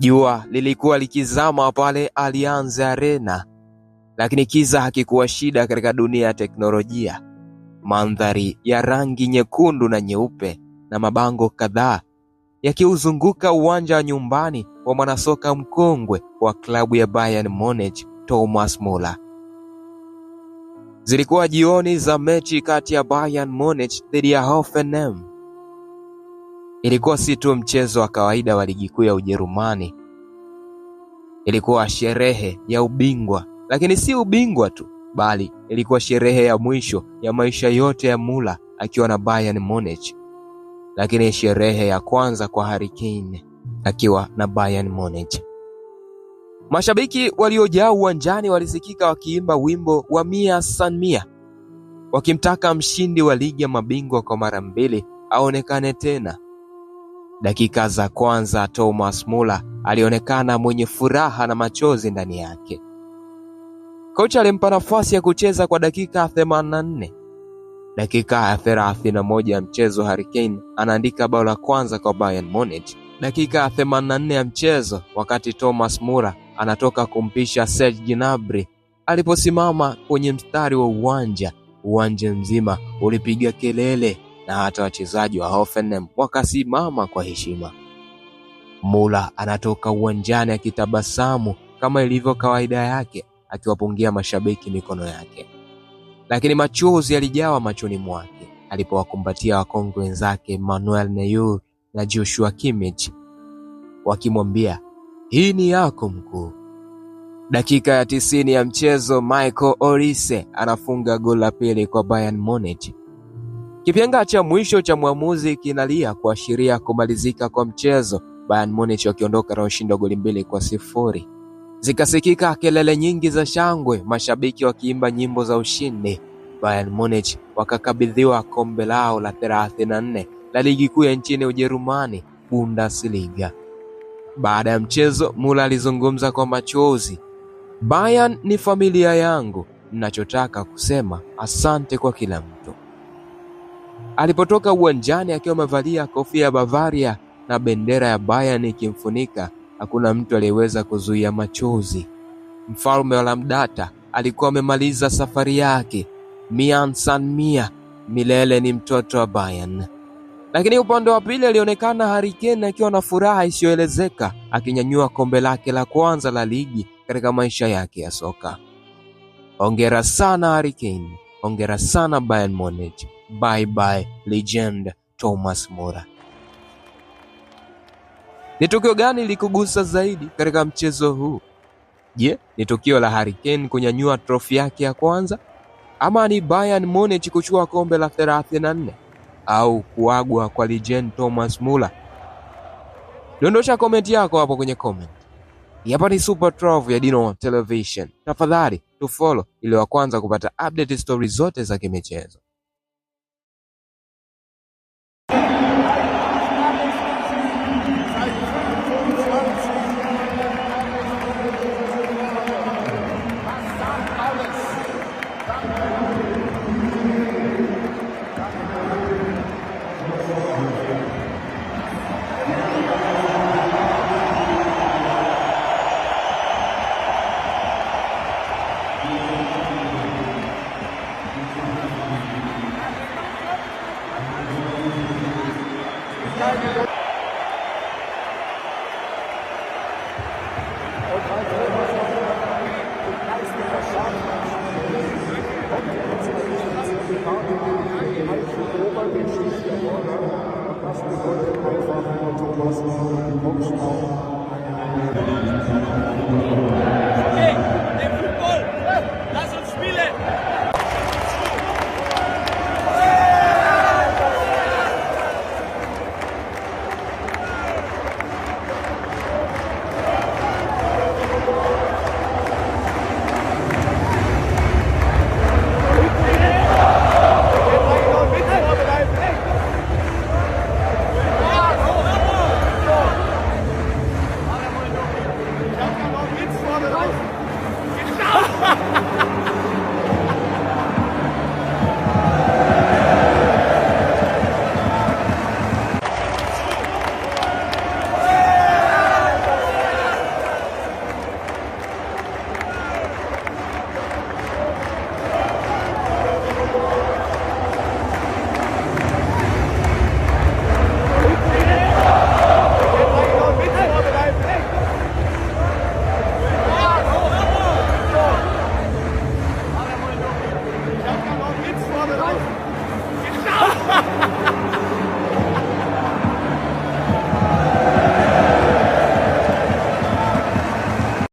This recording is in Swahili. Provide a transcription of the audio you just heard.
Jua lilikuwa likizama pale Allianz Arena, lakini kiza hakikuwa shida katika dunia ya teknolojia. Mandhari ya rangi nyekundu na nyeupe na mabango kadhaa yakiuzunguka uwanja wa nyumbani wa mwanasoka mkongwe wa klabu ya Bayern Munich Thomas Muller. Zilikuwa jioni za mechi kati ya Bayern Munich dhidi ya Hoffenheim. Ilikuwa si tu mchezo wa kawaida wa ligi kuu ya Ujerumani, ilikuwa sherehe ya ubingwa. Lakini si ubingwa tu, bali ilikuwa sherehe ya mwisho ya maisha yote ya Mula akiwa na Bayern Munich, lakini sherehe ya kwanza kwa Harry Kane akiwa na Bayern Munich. Mashabiki waliojaa uwanjani walisikika wakiimba wimbo wa Mia San Mia, wakimtaka mshindi wa ligi ya mabingwa kwa mara mbili aonekane tena. Dakika za kwanza Thomas Muller alionekana mwenye furaha na machozi ndani yake. Kocha alimpa nafasi ya kucheza kwa dakika 84. Dakika ya 31 ya mchezo Harry Kane anaandika bao la kwanza kwa Bayern Munich. Dakika ya 84 ya mchezo, wakati Thomas Muller anatoka kumpisha Serge Gnabry, aliposimama kwenye mstari wa uwanja, uwanja mzima ulipiga kelele na hata wachezaji wa Hoffenheim wakasimama kwa heshima. Mula anatoka uwanjani akitabasamu kama ilivyo kawaida yake, akiwapungia mashabiki mikono yake, lakini machozi yalijawa machoni mwake alipowakumbatia wakongwe wenzake Manuel Neuer na Joshua Kimmich wakimwambia hii ni yako mkuu. Dakika ya tisini ya mchezo Michael Olise anafunga goli la pili kwa Bayern Munich Kipenga cha mwisho cha mwamuzi kinalia kuashiria kumalizika kwa mchezo, Bayern Munich wakiondoka na ushindi wa goli mbili kwa sifuri. Zikasikika kelele nyingi za shangwe, mashabiki wakiimba nyimbo za ushindi. Bayern Munich wakakabidhiwa kombe lao la 34 la ligi kuu ya nchini Ujerumani, Bundesliga. Baada ya mchezo, Mula alizungumza kwa machozi, Bayern ni familia yangu, ninachotaka kusema asante kwa kila mtu. Alipotoka uwanjani akiwa amevalia kofia ya Bavaria na bendera ya Bayern ikimfunika, hakuna mtu aliyeweza kuzuia machozi. Mfalme wa Lamdata alikuwa amemaliza safari yake. Mian San Mia milele ni mtoto wa Bayern. Lakini upande wa pili alionekana Harry Kane akiwa na furaha isiyoelezeka akinyanyua kombe lake la kwanza la ligi katika maisha yake ya soka. Hongera sana Harry Kane hongera sana bayern munich bye bye legend thomas muller ni tukio gani likugusa zaidi katika mchezo huu je ni tukio la Harry Kane kunyanyua trofi yake ya kwanza ama ni Bayern Munich kuchukua kombe la 34 au kuagwa kwa legend Thomas Muller? Dondosha komenti yako hapo kwenye comment. Hapa ni Super Trove ya Dino Television. Tafadhali tufollow ili wa kwanza kupata update stories zote za kimichezo. you.